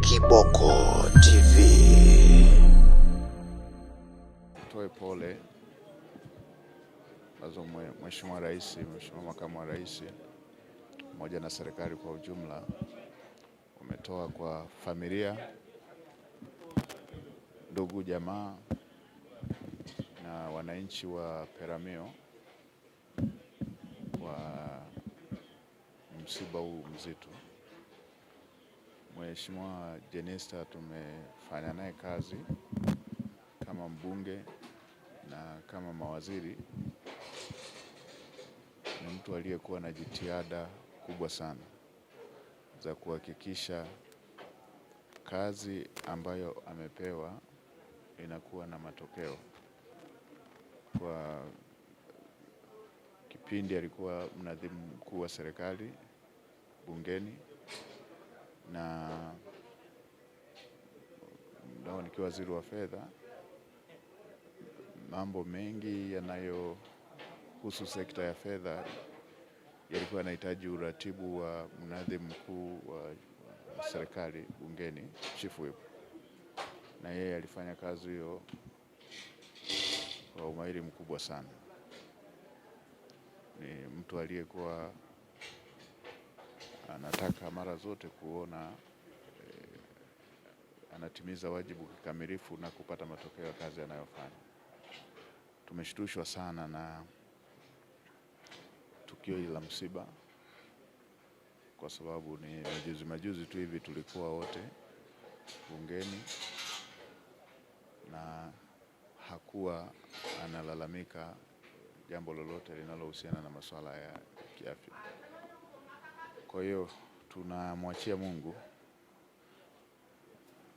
Kiboko TV. Toe pole ambazo Mheshimiwa Rais, Mheshimiwa Makamu wa Rais pamoja na serikali kwa ujumla umetoa kwa familia, ndugu, jamaa na wananchi wa Peramiho kwa msiba huu mzito. Mheshimiwa Jenista tumefanya naye kazi kama mbunge na kama mawaziri. Ni mtu aliyekuwa na jitihada kubwa sana za kuhakikisha kazi ambayo amepewa inakuwa na matokeo. Kwa kipindi alikuwa mnadhimu mkuu wa serikali bungeni na ndao nikiwa waziri wa fedha, mambo mengi yanayohusu sekta ya fedha yalikuwa yanahitaji uratibu wa mnadhimu mkuu wa serikali bungeni, Chief Whip, na yeye alifanya kazi hiyo kwa umahiri mkubwa sana. Ni mtu aliyekuwa anataka mara zote kuona eh, anatimiza wajibu kikamilifu na kupata matokeo ya kazi anayofanya. Tumeshtushwa sana na tukio hili la msiba, kwa sababu ni majuzi majuzi tu hivi tulikuwa wote bungeni na hakuwa analalamika jambo lolote linalohusiana na masuala ya kiafya. Kwa hiyo tunamwachia Mungu,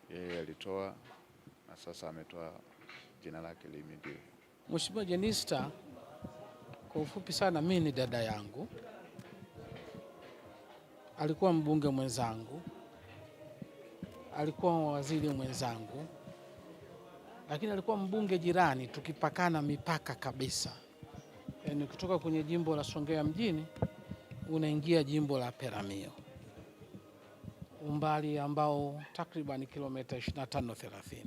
yeye alitoa na sasa ametoa, jina lake lihimidiwe. Mheshimiwa Jenista, kwa ufupi sana, mimi ni dada yangu, alikuwa mbunge mwenzangu, alikuwa waziri mwenzangu, lakini alikuwa mbunge jirani, tukipakana mipaka kabisa, yaani kutoka kwenye jimbo la Songea mjini unaingia jimbo la peramio umbali ambao takriban kilomita 25 30.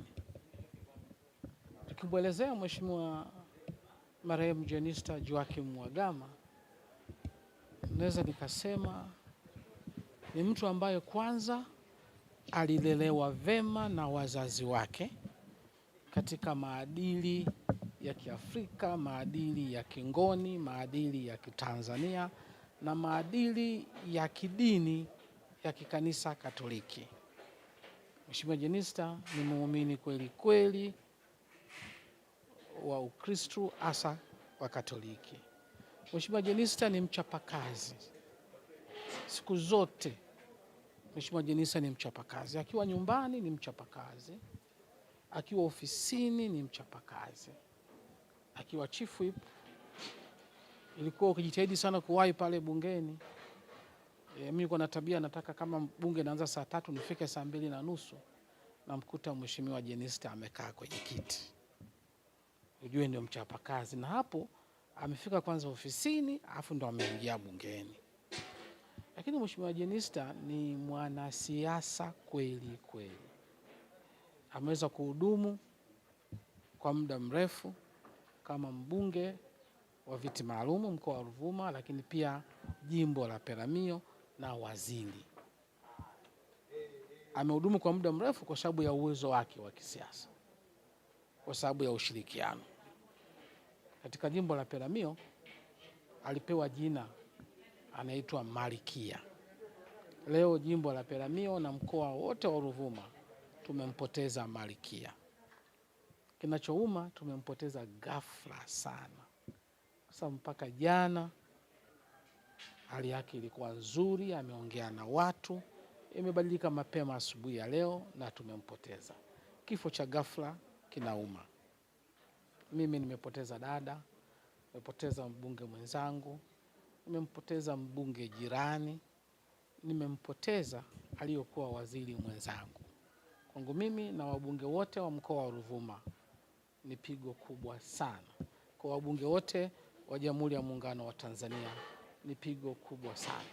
Tukimwelezea Mheshimiwa marehemu Jenista Joakim Mhagama, naweza nikasema ni mtu ambaye kwanza alilelewa vema na wazazi wake katika maadili ya Kiafrika, maadili ya Kingoni, maadili ya Kitanzania na maadili ya kidini ya kikanisa Katoliki. Mheshimiwa Jenista ni muumini kweli kweli wa Ukristo hasa wa Katoliki. Mheshimiwa Jenista ni mchapakazi siku zote. Mheshimiwa Jenista ni mchapakazi, akiwa nyumbani ni mchapakazi, akiwa ofisini ni mchapakazi, akiwa chifu ipo ilikuwa ukijitahidi sana kuwahi pale bungeni. E, mimi kwa na tabia, nataka kama bunge naanza saa tatu nifike saa mbili na nusu namkuta mheshimiwa Jenista amekaa kwenye kiti, ujue ndio mchapakazi, na hapo amefika kwanza ofisini alafu ndo ameingia bungeni. Lakini mheshimiwa Jenista ni mwanasiasa kweli kweli, ameweza kuhudumu kwa muda mrefu kama mbunge wa viti maalumu mkoa wa Ruvuma, lakini pia jimbo la peramio na Wazindi. Amehudumu kwa muda mrefu kwa sababu ya uwezo wake wa kisiasa, kwa sababu ya ushirikiano. Katika jimbo la peramio alipewa jina anaitwa Malikia. Leo jimbo la peramio na mkoa wote wa Ruvuma tumempoteza Malikia. Kinachouma, tumempoteza ghafla sana. Sasa mpaka jana hali yake ilikuwa nzuri, ameongea na watu, imebadilika mapema asubuhi ya leo na tumempoteza. Kifo cha ghafla kinauma. Mimi nimepoteza dada, nimepoteza mbunge mwenzangu, nimempoteza mbunge jirani, nimempoteza aliyokuwa waziri mwenzangu. Kwangu mimi na wabunge wote wa mkoa wa Ruvuma ni pigo kubwa sana kwa wabunge wote wa Jamhuri ya Muungano wa Tanzania ni pigo kubwa sana,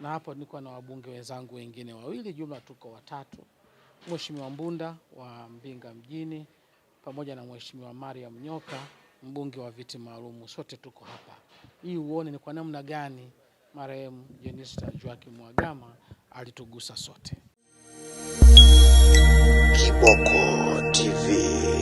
na hapo niko na wabunge wenzangu wengine wawili, jumla tuko watatu, Mheshimiwa Mbunda wa Mbinga mjini pamoja na Mheshimiwa Mariam Nyoka, mbunge wa viti maalumu. Sote tuko hapa hii uone ni kwa namna gani marehemu Jenista Joakim Mhagama alitugusa sote. Kiboko TV.